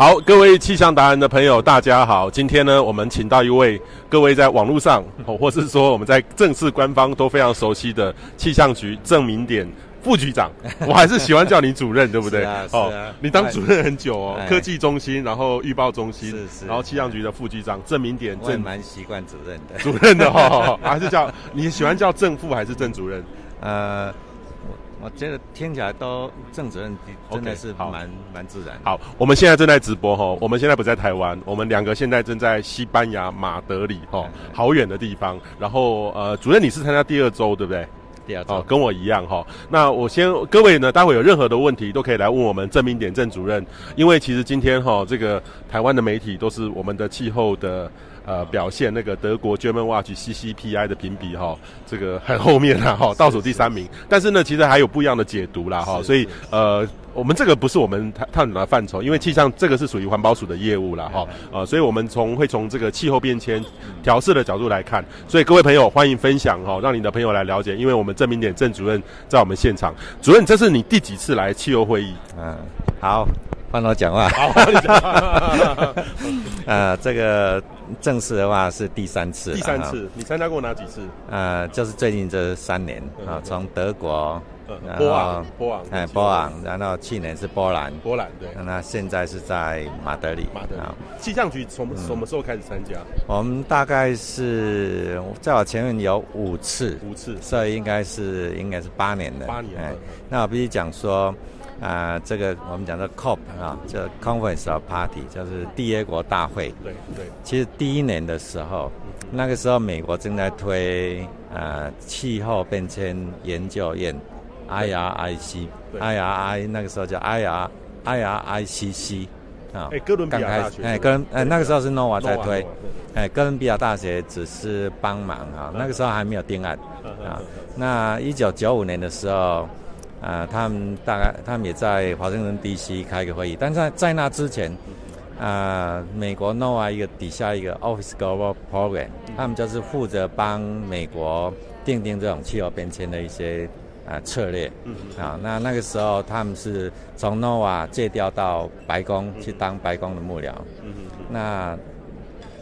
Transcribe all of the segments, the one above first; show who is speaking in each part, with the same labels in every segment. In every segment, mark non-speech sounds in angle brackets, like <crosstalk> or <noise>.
Speaker 1: 好，各位氣象達人的朋友，大家好！今天呢，我們請到一位各位在網絡上、哦，或是說我們在正式官方都非常熟悉的氣象局鄭明典副局長。我還是喜歡叫你主任， <laughs> 對不對？是啊是啊、哦，是啊、你當主任很久哦，哎、科技中心，然後預報中心，是是然後氣象局的副局長鄭明典，我蠻習慣主任的，主任的哈、哦 <laughs> 哦，還是叫你喜歡叫鄭副還是鄭主任？ <laughs> 呃。我覺得聽起來都鄭主任真的是蠻蠻、okay, 好蠻自然。好，我們現在正在直播哈，我們現在不在台灣，我們兩個現在正在西班牙馬德里哈，好遠的地方。然後呃，主任你是參加第二周對不對？第二周跟我一樣哈。那我先，各位呢，待會有任何的問題都可以來問我們鄭明典鄭主任，因為其實今天哈，這個台灣的媒體都是我們的氣候的。呃，表現那個德國 German Watch CCPI 的評比哈，這個很後面了哈，倒數第三名。是是是是，但是呢，其實還有不一樣的解讀啦哈，是是是，所以呃，我們這個不是我們探探討的範疇，因為氣象這個是屬於環保署的業務啦哈，呃，所以我們從會從這個氣候變遷調適的角度來看。所以各位朋友歡迎分享哈，讓你的朋友來了解，因為我們鄭明典鄭主任在我們現場。主任，這是你第幾次來氣候會議？嗯，啊，好。幫老講話，好，啊，這個正式
Speaker 2: 的話是第三次，第三次，
Speaker 1: 你參加過哪幾次？
Speaker 2: 呃，就是最近這三年啊，從德國，波昂，波昂、波昂，然後去年是波蘭，波蘭，對，那現在是在馬德里，馬德啊，
Speaker 1: 氣象局從什麼時候開始參加？
Speaker 2: 我們大概是在我前面有五次，五次，所以應該是應該是八年的，八年，哎，那我必須講說。啊、呃，這個我們講的 COP 啊，叫 Conference of Party，就是締約國大會。對對。對，其實第一年的時候，那個時候美國正在推啊呃、氣候變遷研究院對，IRIC，IRI，對那個時候叫 IR, IRICC 啊。欸、哥倫比亞大學。哎、欸，哥倫哎對、欸，那個時候是諾瓦在推，哎對，哥倫比亞大學只是幫忙啊，那個時候還沒有定案。啊，那一九九五年的時候。啊、呃，他們大概他們也在華盛頓 DC 開一個會議，但是在在那之前，啊、呃，美國 NOAA 一個底下一個 Office Global Program，他們就是負責幫美國訂定這種氣候變遷的一些啊、呃、策略，啊、呃，那那個時候他們是從 NOAA 借調到白宮去當白宮的幕僚，那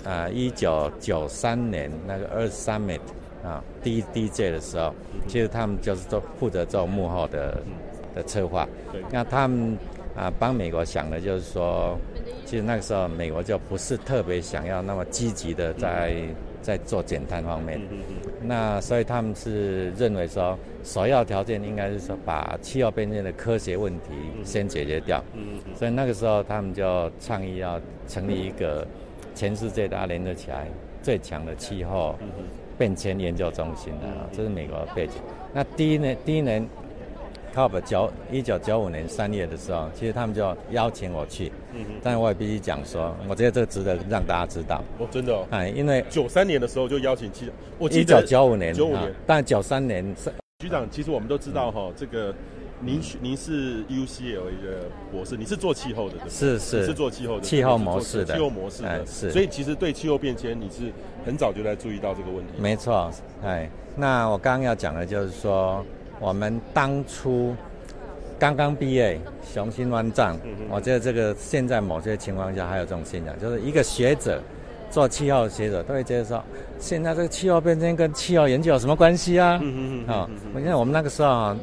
Speaker 2: 啊，一九九三年那個 Earth Summit。啊，D D J 的時候，嗯、哼其實他們就是做負責做幕後的、嗯、的策劃。對那他們啊，幫美國想的就是說，其實那個時候美國就不是特別想要那麼積極的在、嗯、哼在做減碳方面。嗯、哼那所以他們是認為說，首要條件應該是說把氣候變遷的科學問題先解決掉。嗯嗯、所以那個時候他們就倡議要成立一個全世界大家聯合起來最強的氣候。嗯哼嗯變遷研究中心的啊，這是美國的背景。那第一年，第一年，九一九九五年三月的時候，其實他們就邀請我去，嗯嗯哼，但是我也必須講說，我覺得這個值得讓大家知道。我、哦、真的啊、哦哎，因為
Speaker 1: 九三年的時候就邀請局長，我記得九五年年，
Speaker 2: 但九三年三，哦、年
Speaker 1: 局長，其實我們都知道哈、哦，嗯、這個。您您、嗯、是 UCL 的博士，你是做氣候的，對吧？是是，是做氣候的，氣候模式的，氣候模式的，是。所以其實對氣候變遷，你是很早就在注意到這個問題。
Speaker 2: 沒錯，哎，那我剛剛要講的就是說，我們當初剛剛畢業，雄心萬丈。嗯、哼我覺得這個現在某些情況下還有這種現象，就是一個學者做氣候的學者都會覺得說，現在這個氣候變遷跟氣候研究有什麼關係啊？嗯我覺得我們那個時候、啊。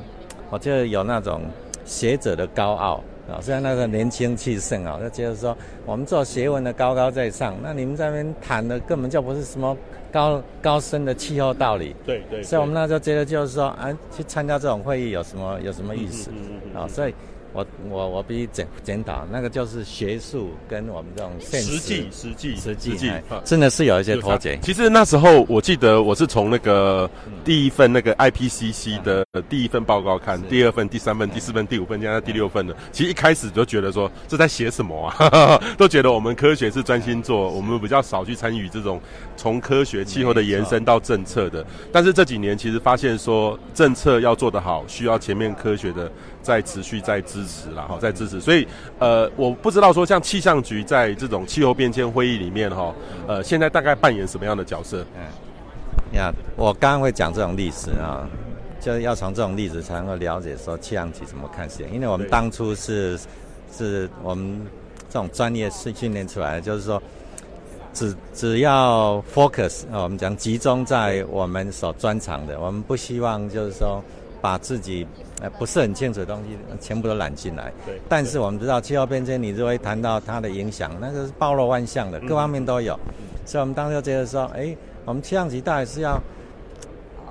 Speaker 2: 就有那種學者的高傲啊，雖然那個年輕氣盛啊，就覺得說我們做學問的高高在上，那你們在那邊談的根本就不是什麼高高深的氣候道理。對對，對，所以我們那時候覺得就是說啊，去參加這種會議有什麼有什麼意思？嗯嗯嗯嗯嗯啊，所以。我我我必須檢檢討，那個就是學術跟我們這種實際實際實際，真的是有一些脫節。
Speaker 1: 其實那時候我記得我是從那個第一份那個 IPCC 的第一份報告看，第二份、第三份、第四份、第五份，現在第六份了。其實一開始就覺得說這在寫什麼啊，都覺得我們科學是專心做，我們比較少去參與這種從科學氣候的延伸到政策的。但是這幾年其實發現說政策要做得好，需要前面科學的。在持續在支持了哈，在支持，所以呃，我不知道說像氣象局在這種氣候變遷會議裡面哈，呃，現在大概扮演什麼樣的角色？嗯，你看我剛剛會講這種歷史啊、哦，就是要
Speaker 2: 從這種例子才能夠了解說氣象局怎麼看事情，因為我們當初是對是，我們這種專業是訓練出來的，就是說只，只只要 focus，哦，我們講集中在我們所專長的，我們不希望就是說把自己。呃，不是很清楚的東西，全部都攬進來。對。但是我們知道，氣候變遷，你就會談到它的影響，那就是包羅萬象的，各方面都有。嗯、所以我們當時就覺得說，哎、欸，我們氣象局大概是要，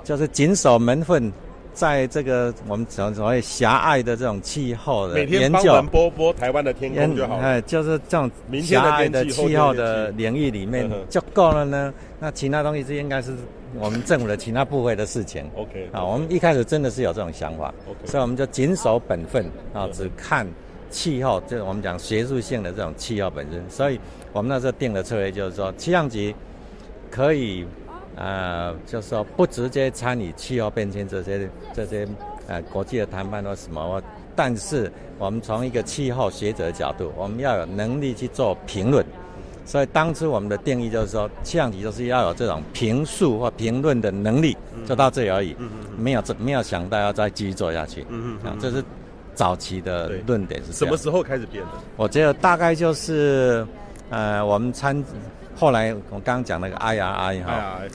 Speaker 2: 就是謹守門份，在這個我們所所謂狹隘的這種氣候的研究。每天
Speaker 1: 幫人播播台灣的天空就好。哎、嗯欸，
Speaker 2: 就是這種狹隘的氣候的領域裡面就夠了呢。那其他東西是應該是。我們政府的其他部會的事情，OK，, okay. 啊，我們一開始真的是有這種想法，OK，所以我們就謹守本分啊，只看氣候，就是我們講學術性的這種氣候本身。所以我們那時候定的策略就是說，氣象局可以，呃，就是說不直接參與氣候變遷這些這些呃國際的談判或什麼，但是我們從一個氣候學者的角度，我們要有能力去做評論。所以當初我們的定義就是說，氣象局就是要有這種評述或評論的能力，就到這裡而已，嗯嗯嗯嗯、沒有沒有想到要再繼續做下去。嗯嗯，嗯，嗯，嗯這，這是早期的論點對是。什麼時候開始變的？我覺得大概就是，呃，我們參後來我剛，剛講那個 IRI 哈，IRI,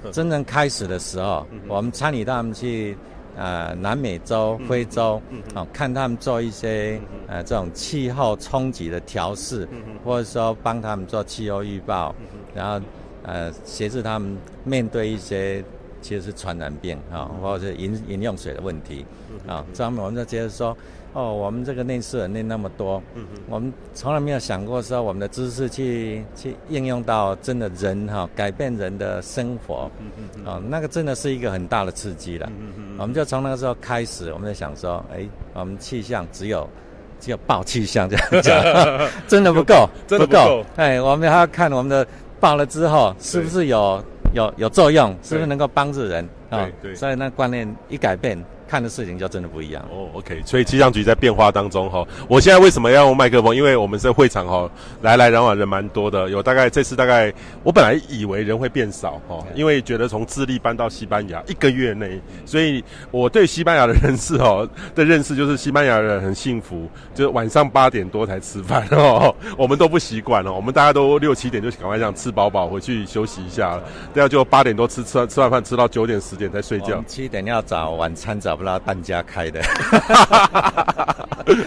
Speaker 2: 呵呵真正開始的時候，嗯嗯、我們參與到他們去。呃，南美洲、非洲，好、嗯嗯哦、看他們做一些呃這種氣候衝擊的調試，嗯、哼或者說幫他們做氣候預報，嗯、哼然後呃協助他們面對一些其實是傳染病啊，哦嗯、哼或者是飲飲用水的問題，嗯、哼啊，這樣我們就接着說。哦，我們這個內飾人類那麼多，嗯、哼我們從來沒有想過說我們的知識去去應用到真的人哈、哦，改變人的生活，嗯、哼哼哦，那個真的是一個很大的刺激了。嗯、哼我們就從那個時候開始，我們就想說，哎、欸，我們氣象只有只有報氣象這樣講， <laughs> <laughs> 真的不夠，就不夠夠，哎，我們還要看我們的報了之後對是不是有
Speaker 1: 有有作用，對是不是能夠幫助人啊？哦、所以
Speaker 2: 那觀念一改變，看的事情就真的不一樣哦。Oh, OK，所以
Speaker 1: 氣象局在變化當中哈。嗯、我現在為什麼要用麥克風？因為我們是會場哈、喔，來來往往人蠻多的，有大概這次大概我本來以為人會變少哦，喔嗯、因為覺得從智利搬到西班牙一個月內，所以我對西班牙的人士哦的認識就是西班牙人很幸福，就是晚上八點多才吃飯哦。喔嗯、我們都不習慣哦，我們大家都六七點就趕快這樣吃飽飽回去休息一下，大家錯就八點多吃吃完吃完飯吃到九點十點才睡覺。七點要早晚餐早。不拉半家開的，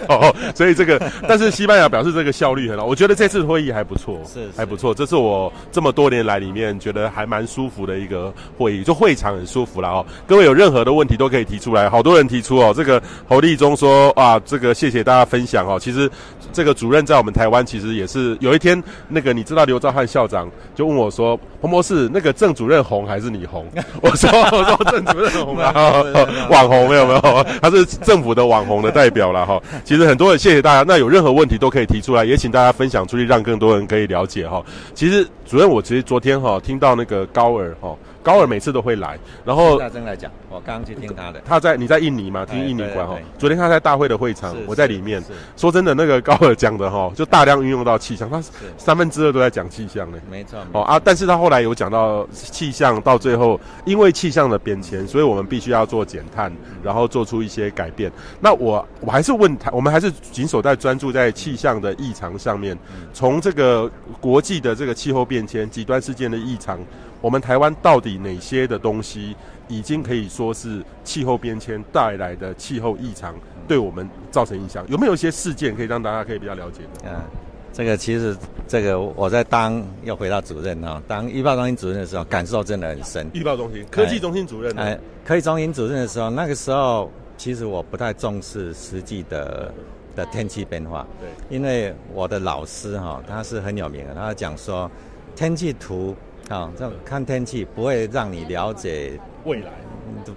Speaker 1: 哦，所以這個，但是西班牙表示這個效率很好，我覺得這次會議還不錯，是，是還不錯。這是我這麼多年來裡面覺得還蠻舒服的一個會議，就會場很舒服了哦。各位有任何的問題都可以提出來，好多人提出哦。這個侯立中說啊，這個謝謝大家分享哦。其實這個主任在我們台灣其實也是有一天，那個你知道劉兆漢校長就問我說。彭博士，那個鄭主任紅還是你紅？ <laughs> 我說我說鄭主任紅了，啊， <laughs> 網紅沒有沒有， <laughs> 他是政府的網紅的代表了哈。其實很多人謝謝大家，那有任何問題都可以提出來，也請大家分享出去，讓更多人可以了解哈。其實主任，我其實昨天哈聽到那個高爾哈。高爾每次都會來，然後
Speaker 2: 正在講，我剛去聽他的。嗯、
Speaker 1: 他在你在印尼嘛？聽印尼館哈。對對對，昨天他在大會的會場，我在裡面。說真的，那個高爾講的哈，就大量運用到氣象，他三分之二都在講氣象呢是、哦，沒錯。哦啊，但是他後來有講到氣象，到最後因為氣象的變遷，所以我們必須要做減碳，然後做出一些改變。那我我還是問他，我們還是謹守在專注在氣象的異常上面，從這個國際的這個氣候變遷、極端事件的異常，我們台灣到底哪些的東西已經可以說是氣候變遷帶來的氣候異常對我們造成影響？有沒有一些事件可以讓大家可以比較了解的？嗯，
Speaker 2: 這個其實，這個我在當又回到主任哈，當預報中心主任的時候，感受真的很深。預報中心，可以科技中心主任。哎，科技中心主任的時候，那個時候其實我不太重視實際的的天氣變化。對，因為我的老師哈，他是很有名的，他講說天氣圖。這看天氣不會讓你了解
Speaker 1: 未來，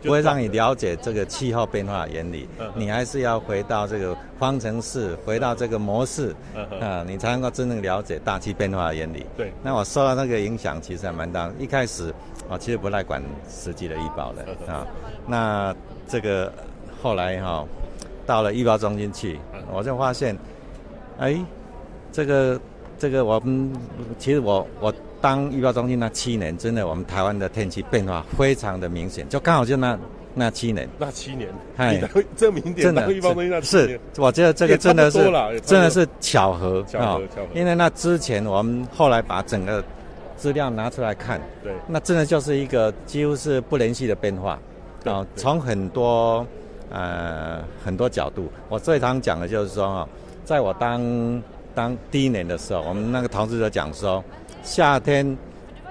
Speaker 1: 不會讓你
Speaker 2: 了解這個氣候變化的原理。你還是要回到這個方程式，回到這個模式，啊，你才能夠真正了解大氣變化的原理。對。那我受到那個影響其實還蠻大。一開始我其實不太管實際的預報的啊。那這個後來哈，到了預報中心去，我就發現，哎，這個這個我們其實我我。當預報中心那七年，真的，我們台灣的天氣變化非常的明顯，就剛好就那那七年，
Speaker 1: 那七年，哎，證明點的這預報中心那是，是我覺得這個真的是真的是
Speaker 2: 巧合，因為那之前我們後來把整個資料拿出來看，對，那真的就是一個幾乎是不連續的變化啊。對從很多呃很多角度，我最常講的就是說在我當當第一年的時候，我們那個同事在講說。夏天，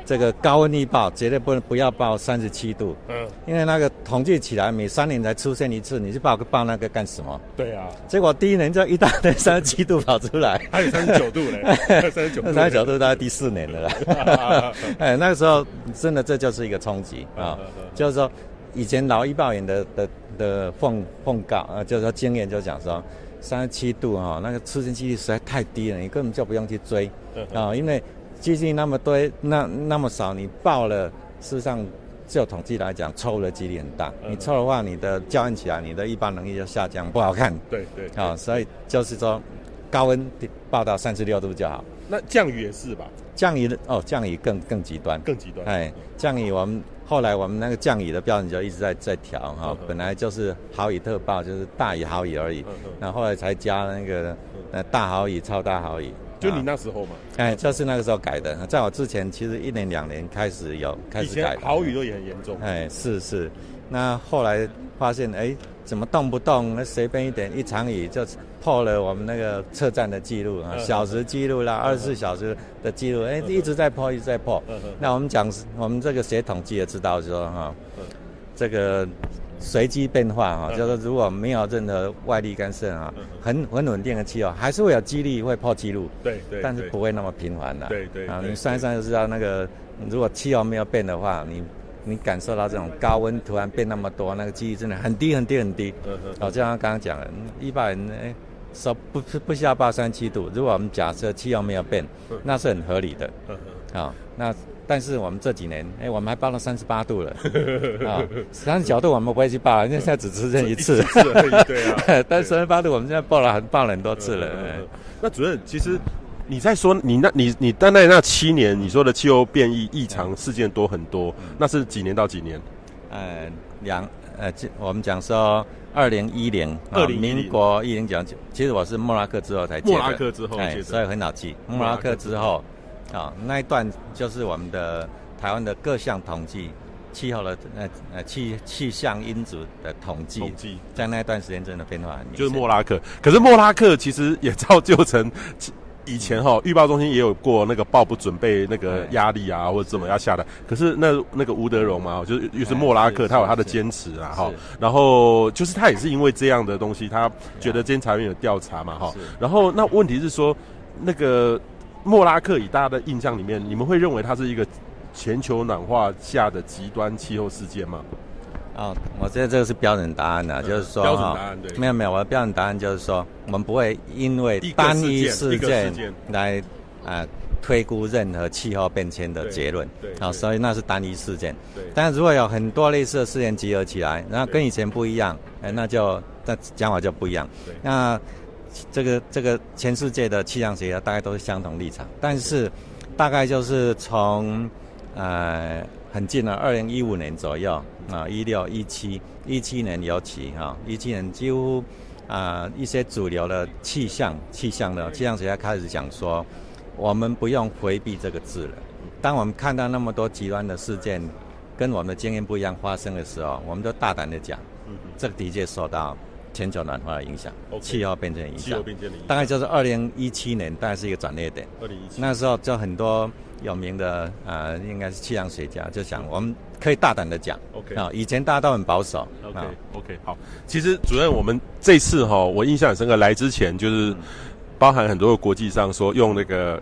Speaker 2: 這個高溫預報絕對不能不要報三十七度，嗯，因為那個統計起來每三年才出現一次，你去報個報那個幹什麼？對啊，結果第一年就一大堆三十七度跑出來， <laughs> 還有三十九度呢？三十九度，三十九度大概第四年了啦。 <laughs> <laughs> <laughs> 哎，那個時候真的這就是一個衝擊、哦、啊，啊啊就是說以前老預報員的的的奉奉告啊，就是說經驗就講說三十七度啊、哦，那個出現幾率實在太低了，你根本就不用去追，啊、嗯哼哦，因為。機器那麼多，那那麼少，你報了，事實上就統計來講，抽的幾率很大。嗯、哼你抽的話，你的交驗起來，你的一般能力就下降，不好看。對對。好、哦，所以就是說，高溫報到三十六度就好。
Speaker 1: 那降雨也是吧？
Speaker 2: 降雨哦，降雨更更極端。更極端。極端哎，降雨我們好後來我們那個降雨的標準就一直在在調哈，哦嗯、哼本來就是豪雨特報就是大雨豪雨而已，那、嗯、哼後,後來才加那個呃大豪雨、嗯、哼超大豪雨。
Speaker 1: 就你那時候
Speaker 2: 嘛，哎、欸，就是那個時候改的。在我之前，其實一年兩年開始有開始改的，
Speaker 1: 豪雨都也很嚴重。
Speaker 2: 哎、欸，是是，那後來發現，哎、欸，怎麼動不動那隨便一點一場雨就破了我們那個車站的記錄啊，小時記錄啦，二十四小時的記錄，哎、欸，一直在破，一直在破。嗯、哼那我們講，我們這個學統計也知道說哈，這個。隨機變化哈，就是說如果沒有任何外力干涉啊，很很穩定的氣候，還是會有幾率會破紀錄。對對，但是不會那麼頻繁的。對對、對，啊，你算一算就知道，那個如果氣候沒有變的話，你你感受到這種高溫突然變那麼多，那個機率真的很低很低很低。就像剛剛講的，一般人說不不要下八三七度，如果我們假設氣候沒有變，那是很合理的。啊，那。但是我們這幾年，哎、欸，我們還報了三十八度了啊！三十九度我們不會去報，因為 <laughs> 現在只出這一次。 <laughs> 一次對
Speaker 1: 啊，但三十八度我們現在報了，報了很多次了對、嗯。那主任，其實你在說你那，你你單單那七年，你說的氣候變異異常事件多很多，嗯、那是幾年到幾年？呃、嗯，兩呃，我們講說
Speaker 2: 二零一零，二零民國一零九，其實我是莫拉克之後才，莫拉克之後，所以很好記，莫拉克之後。啊、哦，那一段就是我們的台灣的各項統計，氣候的呃呃氣氣象因子的統計，統計計。在那一段時間
Speaker 1: 真的變化很就是莫拉克，可是莫拉克其實也造就成以前哈、哦、預報中心也有過那個報不準備那個壓力啊、哎、或者怎麼樣下的，是可是那那個吳德榮嘛，就是又、哎、是，是莫拉克，他有他的堅持啊哈是，然後就是他也是因為這樣的東西，他覺得監察院有調查嘛哈、啊，然後那問題是說那個。莫拉克以大家的印象裡面，你們會認為它是一個全球暖化下的極端氣候事件嗎、哦？我覺得這個是標準答案的、啊嗯、就是
Speaker 2: 說齁，標準答案對，沒有沒有，我的標準答案就是說，我們不會因為單一事件，一個事件來事件、呃、推估任何氣候變遷的結論，啊、哦，所以那是單一事件，對但是如果有很多類似的事件集合起來，對然後跟以前不一樣，哎對、欸，那就那講法就不一樣，對那。這個這個全世界的氣象學家大概都是相同立場，但是，大概就是從，呃，很近了二零一五年左右啊，一六一七一七年尤其哈，哦，一七年幾乎啊、呃、一些主流的氣象氣象的氣象學家開始講說，我們不用回避這個字了。當我們看到那麼多極端的事件跟我們的經驗不一樣發生的時候，我們都大膽的講，這個的確說到。全球暖化的影響，氣 Okay, 候變成影響，候並影，大概就是二零一七年，大概是一個轉折點。二零一七那時候，就很多有名的，呃，應該是氣象學家就
Speaker 1: 想，我們可以大膽的講。OK，啊，以前大家都很保守。OK，OK，okay,、啊 okay, 好。其實主任，我們這次哈，我印象很深刻。來之前就是包含很多國際上說用那個。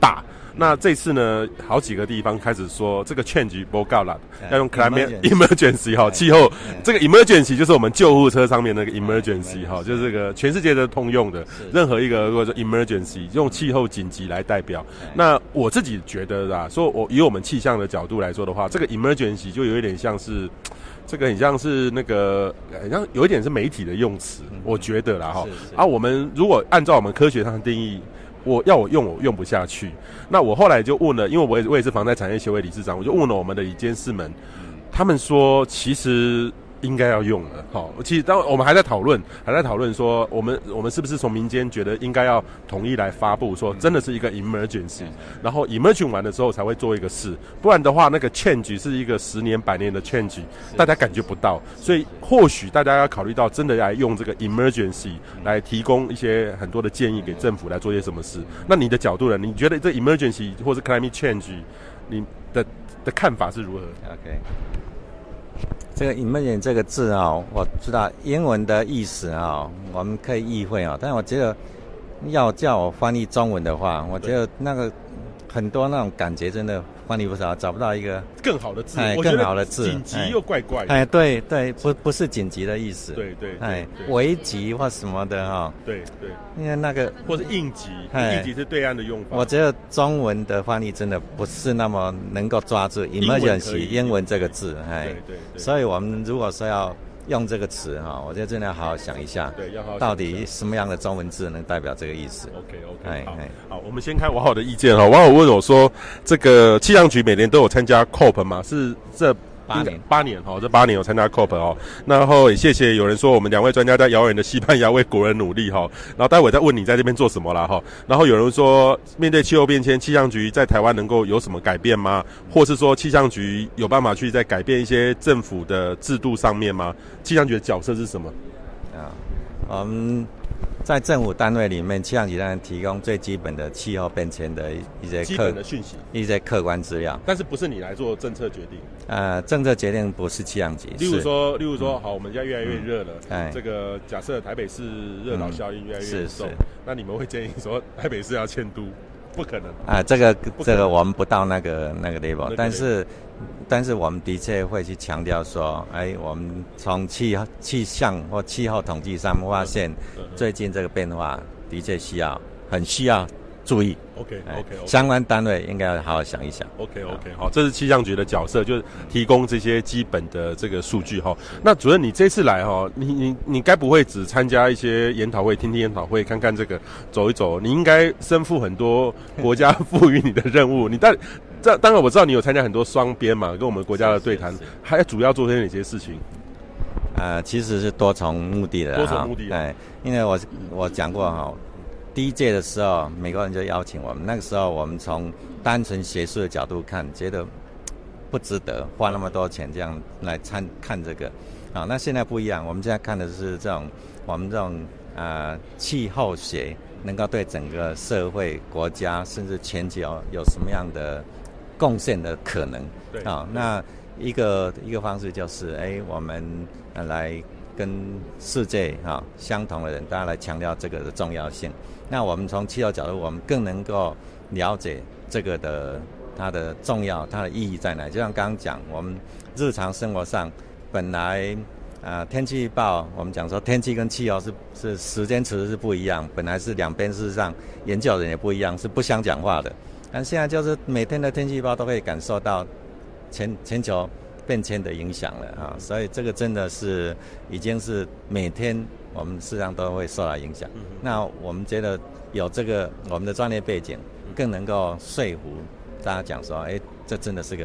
Speaker 1: 大，那這次呢？好幾個地方開始說這個 change 不夠了，要用 climate emergency 哈，氣候這個 emergency 就是我們救護車上面那個 emergency 哈，就是這個全世界都通用的，任何一個如果說 emergency 用氣候緊急來代表，那我自己覺得啦，所以我以我們氣象的角度來說的話，這個 emergency 就有一點像是，這個很像是那個，很像有一點是媒體的用詞，我覺得啦哈，啊，我們如果按照我們科學上的定義。我要我用我用不下去。那我後來就問了，因為我也我也是房貸產業協會理事長，我就問了我們的理監事們，他們說其實。應該要用了，好，其實當我們還在討論，還在討論說，我們我們是不是從民間覺得應該要統一來發布，說真的是一個 emergency，、嗯、然後 emergency 完的時候才會做一個事，不然的話，那個 change 是一個十年百年的 change，是是是是大家感覺不到，所以或許大家要考慮到真的要用這個 emergency 來提供一些很多的建議給政府來做些什麼事。那你的角度呢？你覺得這 emergency 或是 climate change 你的的看法是如何？OK。這個你們演這個字啊，我知道英文的意
Speaker 2: 思啊，我們可以意會啊，但是我覺得。要叫我翻譯中文的話，我覺得那個很多那種感覺真的翻譯不着，找不到一個更好的字，哎，更好的字。緊急又怪怪的。哎，對對，不不是緊急的意思。對對。哎，危急或什麼的哈。對對。因為那個
Speaker 1: 或者應急，應急是對岸的用法。
Speaker 2: 我覺得中文的翻譯真的不是那麼能夠抓住 “emergency” 英文這個字，哎，所以我們如果說要。用這個詞哈，我覺得真的要好好想一下，對，對，要好好，到底什麼樣的中文字能代表這個意思？OK OK，好，我們先
Speaker 1: 看網友的意見哈。網友問我說，這個氣象局每年都有參加 COP 嗎？是這。八年，八年哦，這八年我參加 COP 哦。然後也謝謝有人說我們兩位專家在遙遠的西班牙為國人努力哈。然後待會再問你在這邊做什麼啦哈。然後有人說，面對氣候變遷，氣象局在台灣能夠有什麼改變嗎？或是說氣象局有辦法去再改變一些政府的制度上面嗎？氣象局的角色是什麼？
Speaker 2: 啊、yeah. um，嗯。在政府單位裡面，氣象局當然提供最基本的氣候變遷的一些客基本的訊息，一些客觀資料。
Speaker 1: 但是不是你來做政策決定？
Speaker 2: 呃，政策決定不是氣象局。例如說，
Speaker 1: 是例如說，嗯、好，我們現在越來越熱了。哎、嗯，嗯、這個假設台北市熱島效應越來越重，嗯、是是那你們會建議說台北市要遷都？不可能啊！這個這個
Speaker 2: 我們不到那個那個地步，但是，但是我們的確會去強調說，哎，我們從氣氣象或氣候統計上發現，最近這個變化的確需要，很需要。注意，OK
Speaker 1: OK，相關單位應該要好好想一想。OK OK，好，這是氣象局的角色，就是提供這些基本的這個數據哈。那主任，你這次來哈，你你你該不會只參加一些研討會，聽聽研討會，看看這個，走一走？你應該身負很多國家賦予你的任務。你但這當然，我知道你有參加很多雙邊嘛，跟我們國家的對談，還要主要做些哪些事情？啊，其實是多重目的的，多重
Speaker 2: 目的。對，因為我我講過哈。第一屆的時候，美國人就邀請我們。那個時候，我們從單純學術的角度看，覺得不值得花那麼多錢這樣來參看這個。啊、哦，那現在不一樣，我們現在看的是這種我們這種啊、呃、氣候學能夠對整個社會、國家甚至全球有什麼樣的貢獻的可能。對啊、哦，那一個對一個方式就是，誒，我們來跟世界啊、哦、相同的人，大家來強調這個的重要性。那我們從氣候角度，我們更能夠了解這個的它的重要、它的意義在哪。就像剛剛講，我們日常生活上本來啊，天氣預報我們講說天氣跟氣候是是時間詞是不一樣，本來是兩邊事實上研究人也不一樣，是不相講話的。但現在就是每天的天氣預報都可以感受到全全球變遷的影響了啊，所以這個真的是已經是每天。我們事實上都會受到影響。嗯、哼那我們覺得有這個我們的專業背景，更能夠說服大家講說，哎、欸，這真的是個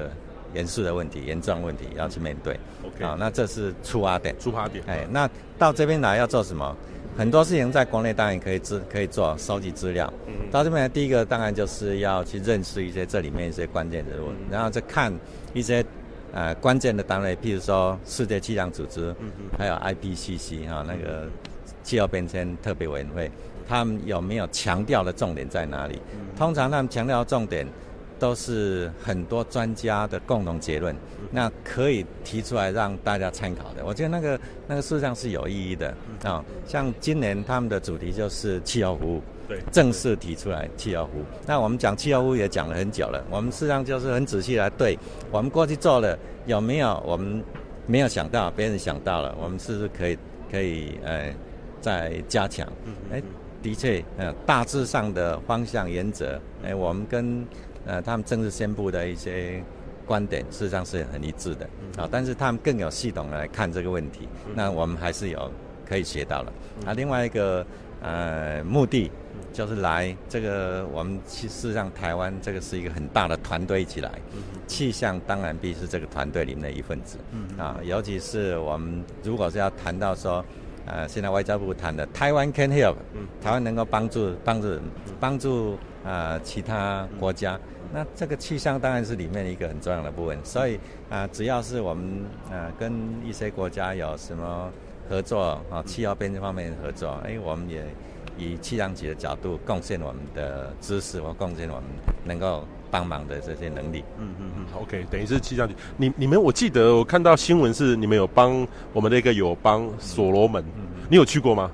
Speaker 2: 嚴肅的問題、嚴重問題，要去面對。OK，啊，那這是出發點。出發點。哎，那到這邊來要做什麼？嗯、很多事情在國內當然可以資可以做，收集資料。嗯、哼到這邊來，第一個當然就是要去認識一些這裡面一些關鍵人物，嗯、然後再看一些。呃，關鍵的單位，譬如說世界氣象組織，嗯、哼還有 IPCC 哈、啊，那個氣候變遷特別委員會，他們有沒有強調的重點在哪裡？嗯、通常他們強調的重點都是很多專家的共同結論，那可以提出來讓大家參考的。我覺得那個那個事實上是有意義的啊。像今年他們的主題就是氣候服務。對，對對，正式提出來氣候湖。那我們講氣候湖也講了很久了。我們實際上就是很仔細來對，我們過去做了，有沒有我們沒有想到，別人想到了，我們是不是可以可以呃再加強？哎、嗯嗯嗯，的確，呃，大致上的方向原則，哎、呃，我們跟呃他們正式宣布的一些觀點，事實上是很一致的、嗯嗯、啊。但是他們更有系統來看這個問題，嗯、那我們還是有可以學到了。嗯、啊，另外一個呃目的。就是來這個，我們其實上台灣這個是一個很大的團隊一起來。氣象當然必是這個團隊裡面的一份子啊，尤其是我們如果是要談到說，呃，現在外交部談的台灣 can help，台灣能夠幫助幫助幫助呃、啊、其他國家，那這個氣象當然是裡面一個很重要的部分。所以啊，只要是我們呃、啊、跟一些國家有什麼合作啊，氣候變遷方面的合作，哎，我們也。以氣象局的角度貢獻我們的知識或貢獻我們能夠幫忙的
Speaker 1: 這些能力。嗯嗯嗯，OK，等於是氣象局。你你們，我記得我看到新聞是你們有幫我們的一個友邦所羅門，嗯嗯嗯嗯、你有去過嗎？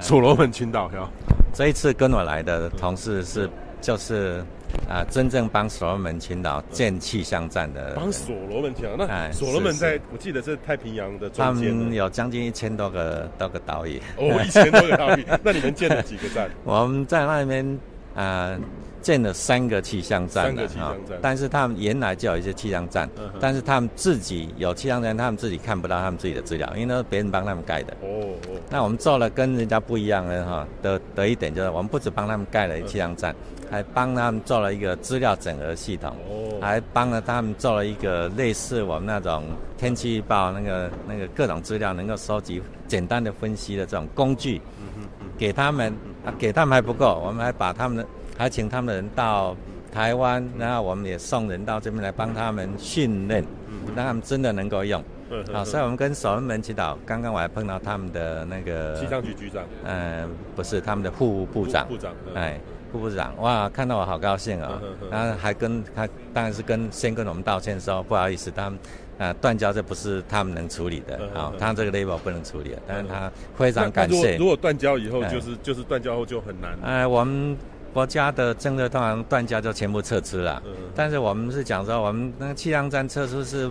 Speaker 1: 所羅、嗯、門群島是吧？嗯、要這一次跟我來的同事是、嗯、是就是。
Speaker 2: 啊，真正幫所羅門群島建氣象站的，幫
Speaker 1: 所羅門群島，那所羅門在，哎、是是我記得是太平洋的中間的，他們
Speaker 2: 有將近一千多個多個島嶼，哦，一千多個島嶼， <laughs> 那你們建了幾個站？ <laughs> 我們在那邊。啊、呃，建了三個氣象站的啊、哦，但是他們原來就有一些氣象站，嗯、哼但是他們自己有氣象站，他們自己看不到他們自己的資料，因為都是別人幫他們蓋的。哦哦。哦，那我們做了跟人家不一樣的哈，得、哦、得一點就是，我們不止幫他們蓋了一個氣象站，嗯、哼還幫他們做了一個資料整合系統，哦、還幫了他們做了一個類似我們那種天氣預報那個那個各種資料能夠收集、簡單的分析的這種工具，嗯嗯、給他們。啊，給他們還不夠，我們還把他們，還請他們的人到台灣，然後我們也送人到這邊來幫他們訓練，嗯、哼讓他們真的能夠用。
Speaker 1: 好、嗯哼啊，所以我們
Speaker 2: 跟守門門祈禱。剛剛我還碰到他們的那個氣象局局長。嗯，不是他們的副部長。部長。嗯、哎，副部長，哇，看到我好高興、喔嗯、哼哼啊！然後還跟他，當然是跟先跟我們道歉說，不好意思，他們。啊，斷交這不是他們能處理的啊，他這個 label 不能處理，但是他非常感謝。如果斷交以後，就是
Speaker 1: 就是斷交後就很難。
Speaker 2: 哎，我們國家的政策通常斷交就全部撤資了。但是我們是講說，我們那個氣象站撤出是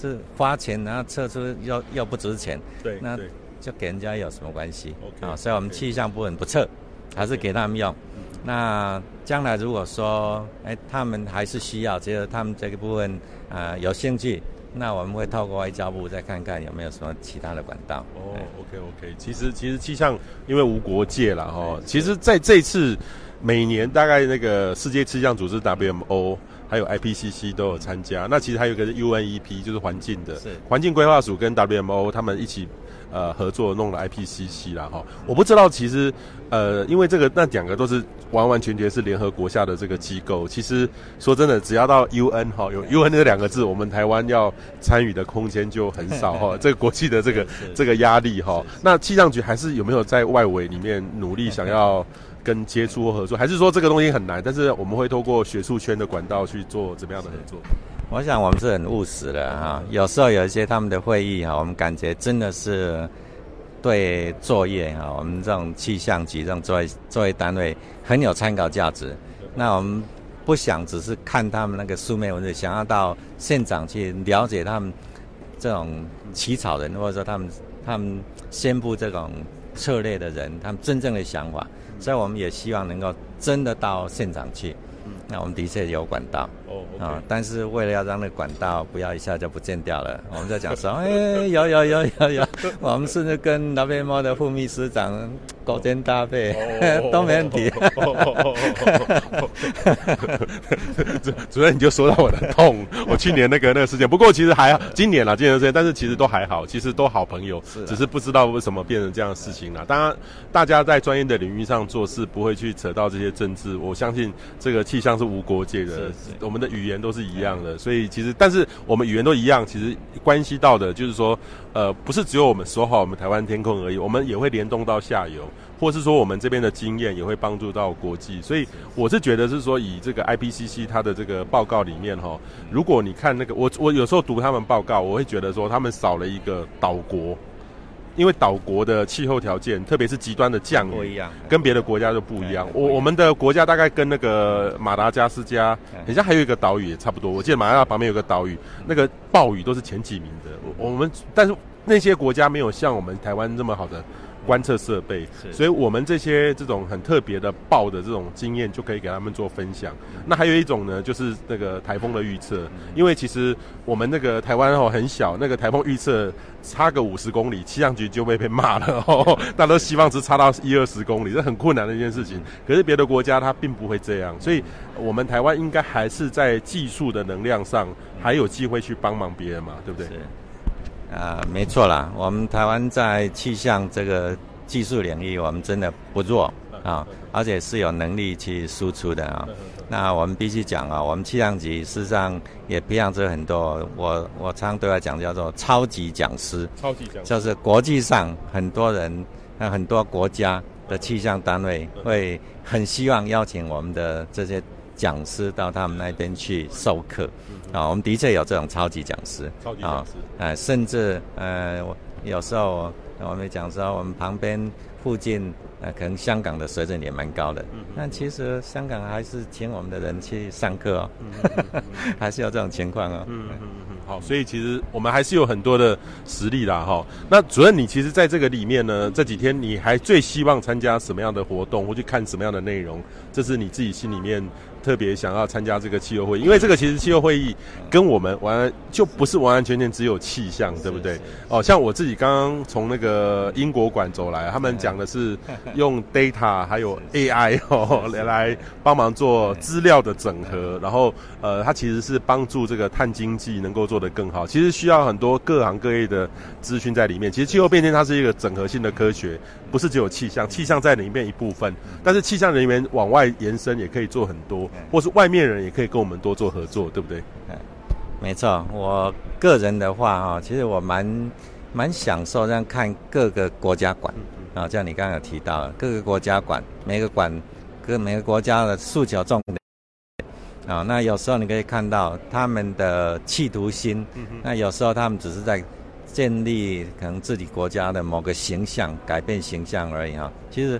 Speaker 2: 是花錢，然後撤出又又不值錢。對。那就給人家有什麼關係？啊，所以我們氣象部分不撤，還是給他們用。那將來如果說哎他們還是需要，只有他們這個部分啊有興趣。那我們會透過外交部，再看看有沒有什麼其他的管
Speaker 1: 道。哦、oh,，OK，OK，okay, okay. 其實其實氣象因為無國界了哈，okay, 其實在這次是每年大概那個世界氣象組織 WMO 還有 IPCC 都有參加，嗯、那其實還有個是 UNEP 就是環境的，環是境規劃署跟 WMO 他們一起。呃，合作弄了 IPCC 啦，哈，我不知道其實，呃，因為這個那兩個都是完完全全是聯合國下的這個機構。其實說真的，只要到 UN 哈，有 UN 這兩個字，我們台灣要參與的空間就很少哈。呵呵呵，這個國際的這個這個壓力哈，那氣象局還是有沒有在外圍裡面努力想要？跟接觸合作，還是說這個東西很難？但是我們會透過學術圈的管道去做怎麼樣的合作？
Speaker 2: 我想我們是很務實的哈。有時候有一些他們的會議哈，我們感覺真的是對作業哈，我們這種氣象局這種作業作業單位很有參考價值。對那我們不想只是看他們那個書面文字，想要到現場去了解他們這種起草人，或者說他們他們宣布這種策略的人，他們真正的想法。所以我們也希望能夠真的到現場去。嗯、那我們的確有管道，oh, okay. 啊，但是為了要讓那管道不要一下就不見掉了，我們在講說， <laughs> 哎，有有有有有，有有有 <laughs> 我們甚至跟那邊貓的副秘書長。勾肩搭背都沒問題。
Speaker 1: 主主任，你就說到我的痛，我去年那個那個事件，不過其實還好，今年了， <music> 今年事件，但是其實都還好，其實都好朋友，只是不知道為什麼變成這樣的事情了。當然，大家在專業的領域上做事，不會去扯到這些政治。我相信這個氣象是無國界的，我們的語言都是一樣的，所以其實，但是我們語言都一樣，其實關係到的就是說，呃，不是只有我們說好我們台灣天空而已，我們也會聯動到下游。或是說我們這邊的經驗也會幫助到國際，所以我是覺得是說以這個 IPCC 它的這個報告裡面吼，如果你看那個我我有時候讀他們報告，我會覺得說他們少了一個島國，因為島國的氣候條件，特別是極端的降雨，跟別的國家都不一樣。我我們的國家大概跟那個馬達加斯加，很像還有一個島嶼也差不多。我記得馬達加旁邊有個島嶼，那個暴雨都是前幾名的。我我們但是那些國家沒有像我們台灣這麼好的。觀測設備，所以我們這些這種很特別的報的這種經驗，就可以給他們做分享。那還有一種呢，就是那個颱風的預測，因為其實我們那個台灣哦很小，那個颱風預測差個五十公里，氣象局就被被罵了呵呵。大家都希望只差到一二十公里，這很困難的一件事情。可是別的國家它並不會這樣，所以我們台灣應該還是在技術的能量上還有機會去幫忙別人嘛，對不對？啊、呃，沒錯啦。我們台灣在氣象這個技
Speaker 2: 術領域，我們真的不弱啊，對對對。而且是有能力去輸出的啊、喔。對對對，那我們必須講啊，我們氣象局事實上也培養出很多。我我常常對外講叫做超級講師，
Speaker 1: 超級講
Speaker 2: 師。就是國際上很多人，很多國家的氣象單位會很希望邀請我們的這些講師到他們那邊去授課。啊、哦，我們的確有這種超級講師，超級講師，哎、哦，呃，甚至呃我，有時候我們講的時候，我們旁邊附近，呃可能香港的水準也蠻高的，嗯那、嗯、其實香港還是請我
Speaker 1: 們的人去上課哦，嗯嗯嗯、 <laughs> 還是有這種情況哦。嗯嗯嗯。好，所以其實我們還是有很多的實力啦，哈。那主任，你其實在這個裡面呢，這幾天你還最希望參加什麼樣的活動，或去看什麼樣的內容？這是你自己心裡面。特別想要參加這個氣候會議，因為這個其實氣候會議跟我們完就不是完完全全只有氣象，是是是，對不對？是是是哦，像我自己剛剛從那個英國館走來，是啊、他們講的是用 data 還有 AI 哦，是是是是來幫忙做資料的整合，是是是，然後呃，它其實是幫助這個碳經濟能夠做得更好。其實需要很多各行各業的資訊在裡面。其實氣候變遷它是一個整合性的科學。不是只有氣象，氣象在裡面一部分，嗯、但是氣象人員往外延伸也可以做很多，嗯、或是外面人也可以跟我們多做合作，嗯、對不對？沒錯，我個人
Speaker 2: 的話啊，其實我蠻蠻享受這樣看各個國家館啊，像你剛剛有提到的，各個國家館，每個館各個每個國家的訴求重點啊，那有時候你可以看到他們的企圖心，那有時候他們只是在。建立可能自己國家的某個形象，改變形象而已哈、啊。其實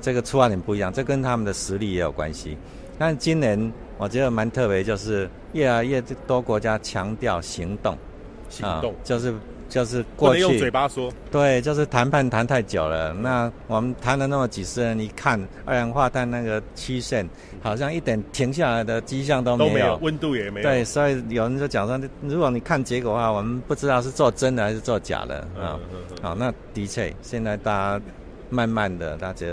Speaker 2: 這個出發點不一樣，這跟他們的實力也有關係。但今年我覺得蠻特別，就是越來越多國家強調行動，行動、啊、就是。就是過去用嘴巴說，對，就是談判談太久了。嗯、那我們談了那麼幾十年，一看二氧化碳那個曲線，好像一點停下來的跡象都沒有，
Speaker 1: 溫度也沒有。對，所
Speaker 2: 以有人就講說，如果你看結果的話，我們不知道是做真的還是做假的啊。嗯嗯嗯、好，那的確，現在大家慢慢的，大家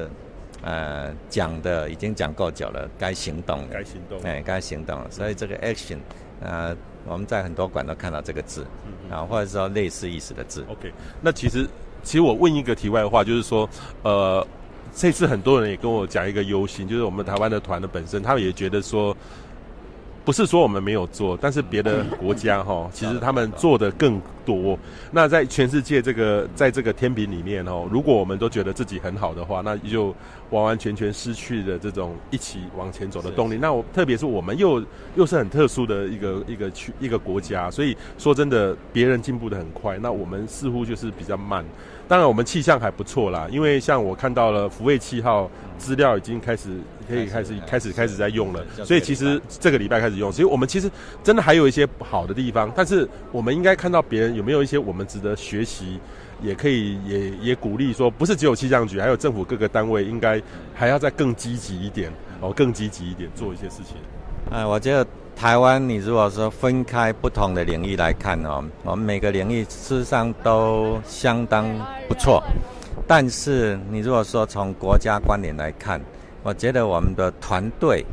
Speaker 2: 呃講的已經講夠久了，該行動了，該行動了，哎，該行動了。嗯、所以這個 action 啊、呃。我們在很多館都看到這個字，
Speaker 1: 嗯哼，啊，或者是說類似意思的字。OK，那其實，其實我問一個題外的話，就是說，呃，這次很多人也跟我講一個憂心，就是我們台灣的團的本身，他們也覺得說。不是說我們沒有做，但是別的國家，哈， <laughs> 其實他們做的更多。那在全世界這個，在這個天平裡面哦，如果我們都覺得自己很好的話，那就完完全全失去了這種一起往前走的動力。是是，那我特別是我們又又是很特殊的一個一個區一個國家，所以說真的別人進步得很快，那我們似乎就是比較慢。當然，我們氣象還不錯啦，因為像我看到了福衛七號資料已經開始，開始可以開始開始，開始開始在用了，所以其實這個禮拜開始用，所以我們其實真的還有一些不好的地方，嗯、但是我們應該看到別人有沒有一些我們值得學習，也可以也也鼓勵說，不是只有氣象局，還有政府各個單位應該還要再更積極一點哦，更積極一點做一些事情。
Speaker 2: 哎，我覺得。台灣，你如果說分開不同的領域來看哦，我們每個領域事實上都相當不錯。但是你如果說從國家觀點來看，我覺得我們的團隊，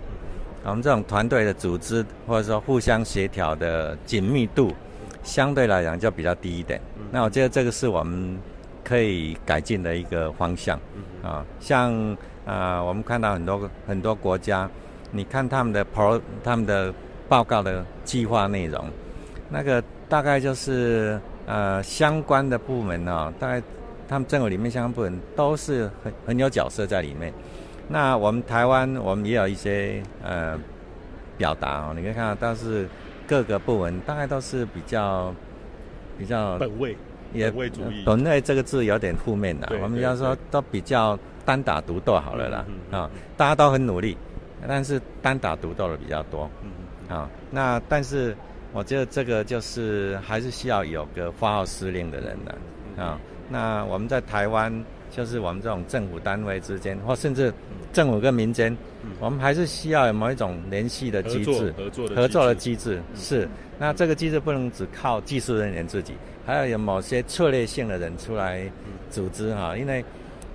Speaker 2: 我們這種團隊的組織或者說互相協調的緊密度，相對來講就比較低一點。那我覺得這個是我們可以改進的一個方向。啊、哦，像呃，我們看到很多很多國家，你看他們的 pro，他們的。報告的計劃內容，那個大概就是呃相關的部門啊、哦，大概他們政府裡面相關部門都是很很有角色在裡面。那我們台灣我們也有一些呃、嗯、表達哦，你可以看到，但是各個部門大概都是比較比較本位，也本位主義。本位這個字有點負面的，我們比較說都比較單打獨鬥好了啦、嗯嗯嗯、啊，大家都很努力，但是單打獨鬥的比較多。嗯啊，那但是我覺得這個就是還是需要有個發號施令的人的啊。那我們在台灣，就是我們這種政府單位之間，或甚至政府跟民間，嗯、我們還是需要有某一種聯繫的機制合、合作的合作的機制。制嗯、是，那這個機制不能只靠技術人員自己，還要有某些策略性的人出來組織哈，因為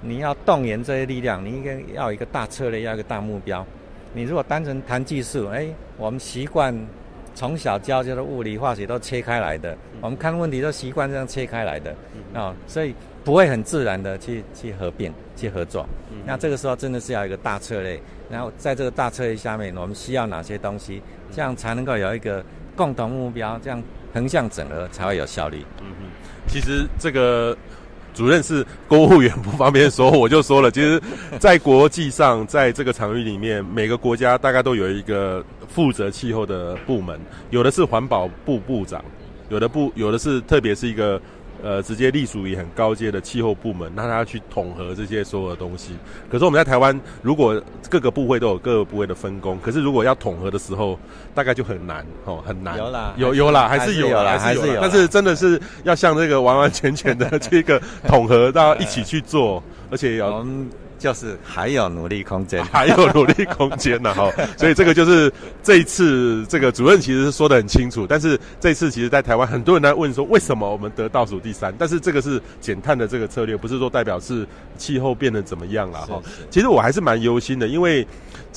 Speaker 2: 你要動員這些力量，你應該要一個大策略，要一個大目標。你如果單純談技術，哎，我們習慣從小教，就是物理、化學都切開來的，嗯、我們看問題都習慣這樣切開來的，嗯哼，哦，所以不會很自然的去去合併、去合作。嗯哼，那這個時候真的是要一個大策略，然後在這個大策略下面，我們需要哪些東西，這樣才能夠有一個共同目標，這樣橫向整合才
Speaker 1: 會有效率。嗯嗯，其實這個。主任是公務員不方便說，我就說了。其實，在國際上，在這個場域裡面，每個國家大概都有一個負責氣候的部門，有的是環保部部長，有的部，有的是特別是一個。呃，直接隸屬於很高階的氣候部門，讓他去統合這些所有的東西。可是我們在台灣，如果各個部會都有各個部會的分工，可是如果要統合的時候，大概就很難哦，很難。有啦，有有啦，還是，還是有啦，還是有。但是真的是要像這個完完全全的這個統合，到 <laughs> 一起去做， <laughs> 而且要。嗯就是還有努力空間，還有努力空間的哈，所以這個就是這一次這個主任其實說得很清楚，但是這一次其實，在台灣很多人在問說，為什麼我們得倒數第三？但是這個是減碳的這個策略，不是說代表是氣候變得怎麼樣了哈。其實我還是蠻憂心的，因為。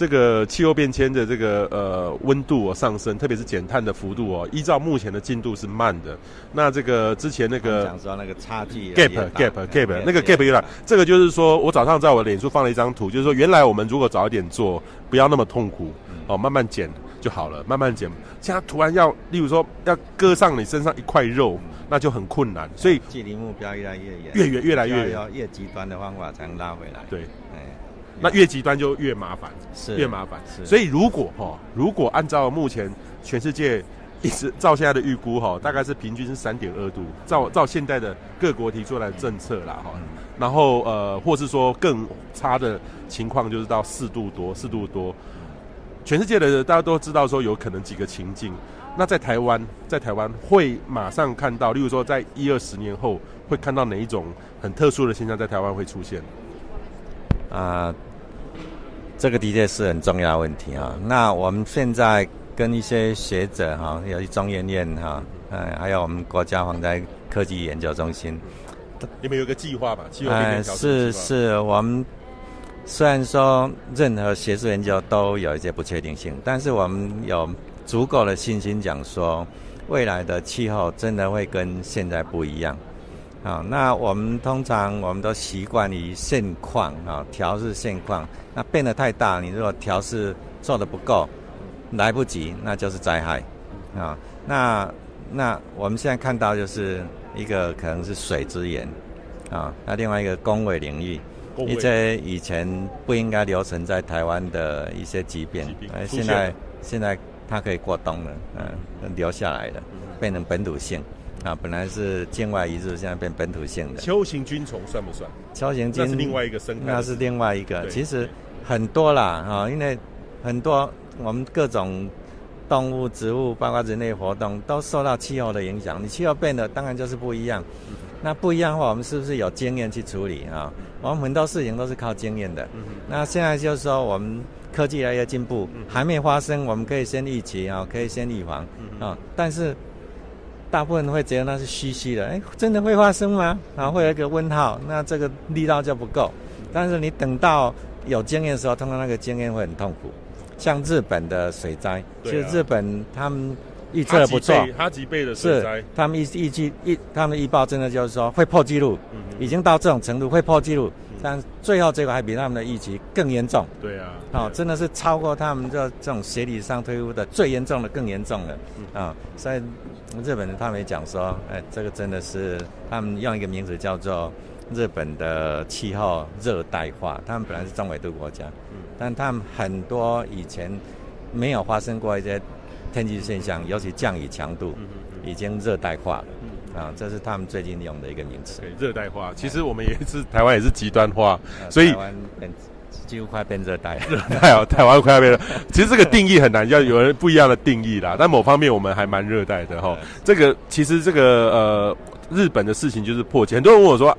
Speaker 1: 這個氣候變遷的這個呃溫度哦、喔、上升，特別是減碳的幅度哦、喔，依照目前的進度是慢的。那這個之前那個，知道那個差距 gap gap gap、嗯、那個 gap 越來，嗯、這個就是說我早上在我的臉書放了一張圖，就是說原來我們如果早一點做，不要那麼痛苦哦、嗯喔，慢慢減就好了，慢慢減。現在突然要，例如說要割上你身上一塊肉，嗯、那就很困難。嗯、所以距離目標越來越遠，越遠越來越遠，
Speaker 2: 越極端的方法才能拉回來。對，欸那
Speaker 1: 越極端就越麻煩，是有越麻煩。是，所以如果哈、哦，如果按照目前全世界一直照現在的預估哈、哦，大概是平均是三點二度，照照現在的各國提出來的政策啦哈，哦嗯、然後呃，或是說更差的情況就是到四度多，四度多。全世界的人大家都知道說有可能幾個情境，那在台灣，在台灣會馬上看到，例如說在一二十年後會看到哪一種很特殊的現象在台灣會出現？
Speaker 2: 啊、呃，這個的確是很重要的問題啊。那我們現在跟一些學者哈、啊，有一些中研院哈、啊，嗯、哎，還有我們國家防災科技研究中心，
Speaker 1: 你們有個計劃吧？氣候那、呃、是是，
Speaker 2: 我們雖然說任何學術研究都有一些不確定性，但是我們有足夠的信心講說，未來的氣候真的會跟現在不一樣。啊，那我們通常我們都習慣於現況啊，調試現況。那變得太大，你如果調試做得不夠，來不及，那就是災害。啊，那那我們現在看到就是一個可能是水資源，啊，那另外一個公衛領域，尾一些以前不應該留存在台灣的一些疾病，現、現在現在它可以過冬了，嗯，留下來了，變成本土性。啊，本來是境外移入，現在變本土性的。秋
Speaker 1: 行軍蟲算不算？秋行軍蟲那是另外一個生態，那是另
Speaker 2: 外一個。其實很多啦，哈，因為很多我們各種動物、植物，包括人類活動，都受到氣候的影響。你氣候變了，當然就是不一樣。那不一樣的話，我們是不是有經驗去處理啊？我們很多事情都是靠經驗的。那現在就是說，我們科技越來越進步，還沒發生，我們可以先預期啊，可以先預防啊。但是大部分人會覺得那是虛虛的，哎、欸，真的會發生嗎？然後會有一個問號，那這個力道就不夠。但是你等到有經驗的時候，通常那個經驗會很痛苦。像日本的水災，其實、啊、日本他們。預測的不錯，哈吉貝的水災，是他們預預計一，他們的預報真的就是說會破紀錄，嗯、哼已經到這種程度會破紀錄，嗯、但最後結果還比他們的預期更嚴重。對、嗯嗯、啊，哦，真的是超過他們這這種學理上推出的最嚴重的更嚴重的嗯，啊，所以日本人他們也講說，哎、欸，這個真的是他們用一個名字叫做日本的氣候熱帶化。他們本來是中緯度國家，但他們很多以前沒有發生過一些。天氣現象，尤其降雨強度，已經熱帶化了啊！這是他們最近用的一個名詞。對，熱
Speaker 1: 帶化，其實我們也是、哎、台灣也是極端
Speaker 2: 化，呃、所以、呃、台灣
Speaker 1: 幾乎快變熱帶了。熱帶哦， <laughs> 台灣快變熱。 <laughs> 其實這個定義很難，要有人不一樣的定義啦。但某方面我們還蠻熱帶的吼。對這個其實這個呃，日本的事情就是破錢，很多人問我說。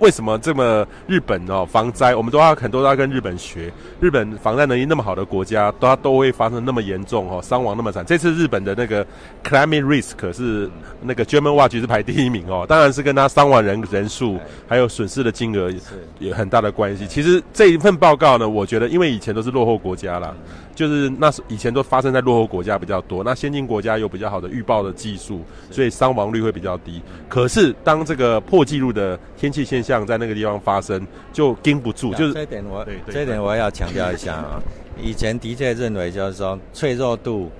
Speaker 1: 為什麼這麼日本哦防災？我們都要很多都要跟日本學。日本防災能力那麼好的國家，都都會發生那麼嚴重哦，傷亡那麼慘。這次日本的那個 climate risk 是那個 German Watch 是排第一名哦，當然是跟他傷亡人人數還有損失的金額有是很大的關係。其實這一份報告呢，我覺得因為以前都是落後國家啦。嗯就是那是以前都發生在落後國家比較多，那先進國家有比較好的預報的技術，所以傷亡率會比較低。可是當這個破紀錄的天氣現象在那個地方發生，就盯不住。就是這一點我，這一點我要強調一下啊。以前的確認為就是說
Speaker 2: 脆弱度，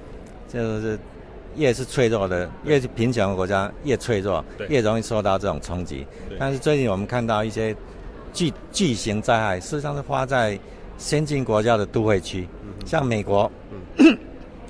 Speaker 2: 就是越是脆弱的，對越是貧窮的國家越脆弱，對越容易受到這種衝擊。對但是最近我們看到一些巨巨型災害，事實上是發在先進國家的都會區。像美國，
Speaker 1: 嗯、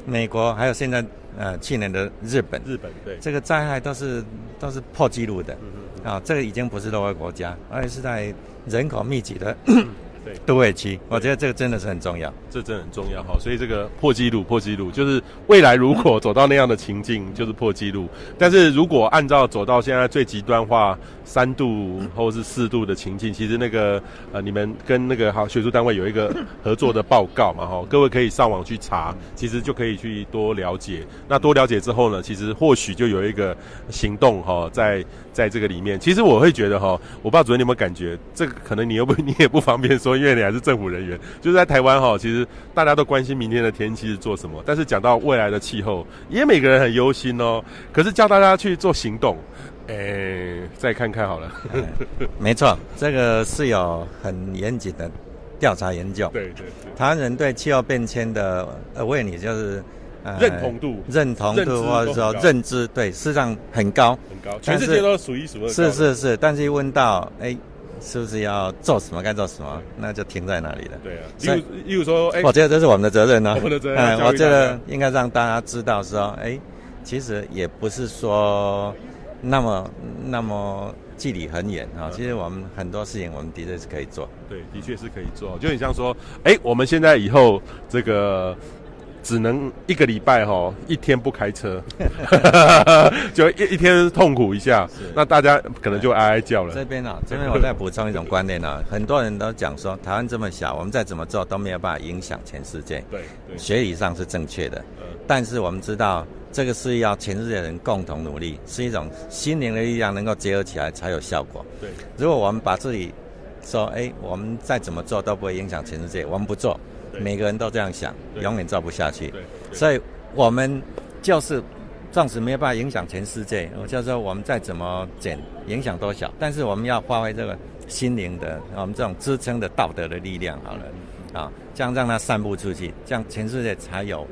Speaker 2: 美國還有現在呃去年的日本，日本對這個災害都是都是破紀錄的，嗯、哼哼啊，這個已經不是多個國家，而且是在人口密集的、
Speaker 1: 嗯、對都會區，我覺得這個真的是很重要，這真的很重要哈。所以這個破紀錄破紀錄，就是未來如果走到那樣的情境，嗯、就是破紀錄。但是如果按照走到現在最極端的話。三度或是四度的情境，其實那個呃，你們跟那個哈學術單位有一個合作的報告嘛哈，各位可以上網去查，其實就可以去多了解。那多了解之後呢，其實或許就有一個行動哈，在在這個裡面，其實我會覺得哈，我不知道主任你有沒有感覺？這個可能你又不你也不方便說，因為你還是政府人員。就是在台灣哈，其實大家都關心明天的天氣是做什麼，但是講到未來的氣候，也每個人很憂心哦、喔。可是叫大家去做行動。哎，再看看好了。沒錯，這個是有很
Speaker 2: 嚴謹的調查研究。對對，台灣人對氣候變遷的呃，問你就是認同度，認同度或者說認知，對，事實上很高，很高，全世界都數一數二。是是是，但是一問到哎，是不是要做什麼，該做什麼，那就停在那裡了。對啊，例如說，哎，我覺得這是我們的責任呢。我們的責任，我覺得應該讓大家知道說，哎，其實也不是說。那麼，那麼距離很遠啊！嗯、其實我們很多事情，我們的確是可以做。
Speaker 1: 對，的確是可以做。就你像說，哎、 <laughs> 欸，我們現在以後這個。只能一個禮拜哈，一天不開車， <laughs> <laughs> 就一一天痛苦一下。是那大家可能就哀哀叫了。這邊啊，這邊我再補充一種觀念啊， <laughs> 很多人都
Speaker 2: 講說台灣這麼小，我們再怎麼做都沒有辦法影響全世界。對，對。學理上是正確的。但是我們知道，這個是要全世界人共同努力，是一種心靈的力量能夠結合起來才有效果。對。如果我們把自己說，說哎，我們再怎麼做都不會影響全世界，我們不做，每個人都這樣想，對永遠做不下去。所以，我們就是暫時沒有辦法影響全世界。我就是說，我們再怎麼減影響多小。但是我們要發揮這個心靈的、我們這種支撐的道德的力量，好了，啊，好這樣讓它散布出去，這樣全世界才有，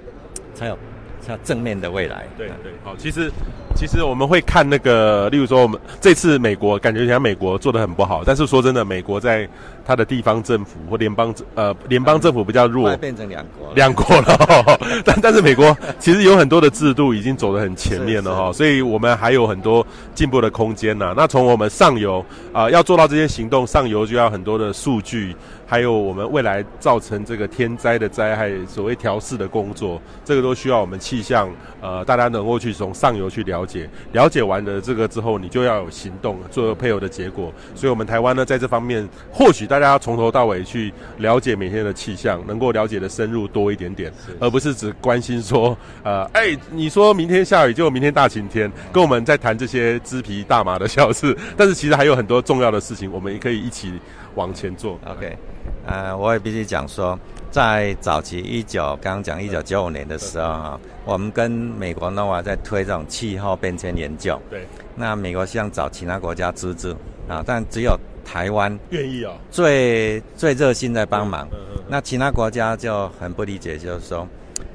Speaker 1: 才有。他正面的未來，對對，好，其實其實我們會看那個，例如說我們這次美國，感覺像美國做的很不好，但是說真的，美國在它的地方政府或聯邦政呃聯邦政府比較弱，嗯、變
Speaker 2: 成兩
Speaker 1: 國了兩國了， <laughs> 但但是美國其實有很多的制度已經走得很前面了哈，所以我們還有很多進步的空間呢、啊。那從我們上游啊、呃，要做到這些行動，上游就要很多的數據，還有我們未來造成這個天災的災害，所謂調適的工作，這個都需要我們去。氣象，呃，大家能夠去從上游去了解，了解完了這個之後，你就要有行動，做配合的結果。所以，我們台灣呢，在這方面，或許大家要從頭到尾去了解每天的氣象，能夠了解的深入多一點點，是是而不是只關心說，呃，哎、欸，你說明天下雨，就明天大晴天，跟我們在談這些枝皮大麻的小事。但是，其實還有很多重要的事情，我們也可以一起往前做。OK，呃，我也必須講說。在早期一九，剛剛講一九九五年的
Speaker 2: 時候，嗯嗯啊，我們跟美國 NOAA 在推這種氣候變遷研究。對。那美國希望找其他國家資助啊，但只有台灣願意哦。最最熱心在幫忙。嗯嗯嗯嗯，那其他國家就很不理解，就是說。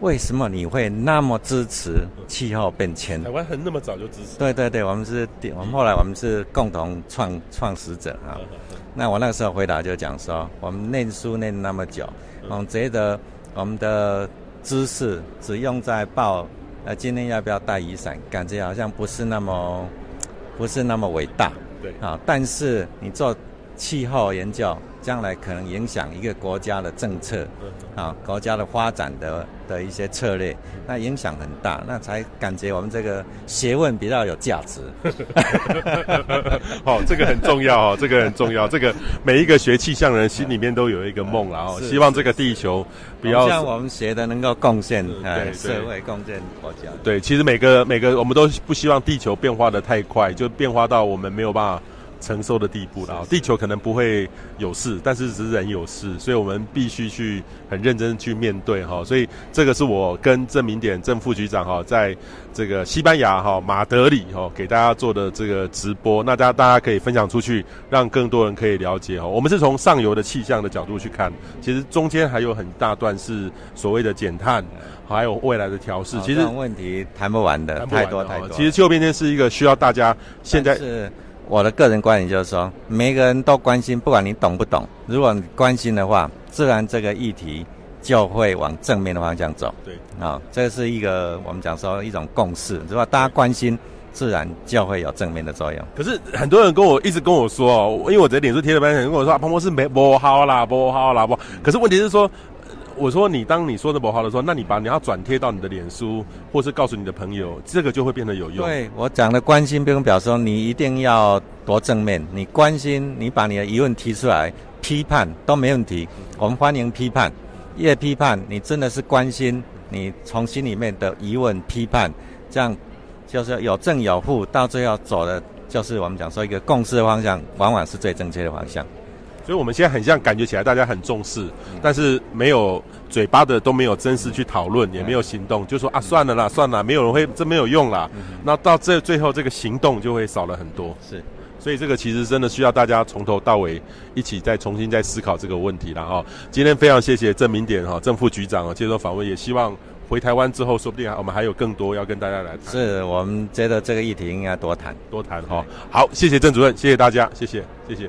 Speaker 2: 為什麼你會那麼支持氣候變遷，嗯？
Speaker 1: 台灣很那麼早就支持。
Speaker 2: 對對對，我們是，我們後來我們是共同創創、嗯、始者啊。嗯嗯、那我那個時候回答就講說，我們唸書念那麼久，我們、嗯嗯、覺得我們的知識只用在報，呃，今天要不要帶雨傘，感覺好像不是那麼，不是那麼偉大，嗯。對。啊，但是你做氣候研究，將來可能影響一個國家的政策，啊，國家的發展的的一些策略，那影響很大，那才感覺我們這個學問比較有價值。好呵、 <laughs> 哦，這個很重要啊， <laughs> 這個很重
Speaker 1: 要。這個每一個學氣象人心裡面都有一個夢啦，然後、啊哦、希望這個地球比較，我們學的能夠貢獻社會，貢獻國家。對，其實每個每個我們都不希望地球變化的太快，就變化到我們沒有辦法承受的地步了，地球可能不會有事，但是，只是人有事，所以我們必須去很認真去面對哈。所以這個是我跟鄭明典鄭副局長哈，在這個西班牙哈馬德里哈給大家做的這個直播，那大家大家可以分享出去，讓更多人可以了解哈。我們是從上游的氣象，的角度去看，其實中間還有很大段是所謂的減碳，還有未來的調適。好其實問題談不完的，太多太多。太多其實氣候變遷是一個需要大家
Speaker 2: 現在是。我的個人觀點就是說，每個人都關心，不管你懂不懂。如果你關心的話，自然這個議題就會往正面的方向走。對，啊，這是一個我們講說一種共識，是吧？大家關心，對自然就會有正面
Speaker 1: 的作用。可是很多人跟我一直跟我說哦，哦，因為我的臉書貼了半天，跟我說啊，鵬鵬是沒播好啦，播好啦，播。可是問題是說。我說你當你說的不好的時候，那你把你要轉貼到你的臉書，或是告訴你的朋友，這個就會變得有用。對，我
Speaker 2: 講的關心，不用表示說你一定要多正面。你關心，你把你的疑問提出來，批判都沒問題。我們歡迎批判，越批判你真的是關心，你從心裡面的疑問批判，這樣就是有正有負。到最後走的
Speaker 1: 就是我們講說一個共識的方向，往往是最正確的方向。所以我們現在很像感覺起來，大家很重視，但是沒有。嘴巴的都沒有真實去討論，嗯、也沒有行動，嗯、就說啊，算了啦，嗯、算了，沒有人會，這沒有用啦。嗯、那到這最後，這個行動就會少了很多。是，所以這個其實真的需要大家從頭到尾一起再重新再思考這個問題了哈，今天非常謝謝鄭明典哈鄭副局長啊接受訪問，也希望回台灣之後，說不定我們還有更多要跟大家來談。是我們覺得這個議題應該多談多談哈。好，謝謝鄭主任，謝謝大家，謝謝，謝謝。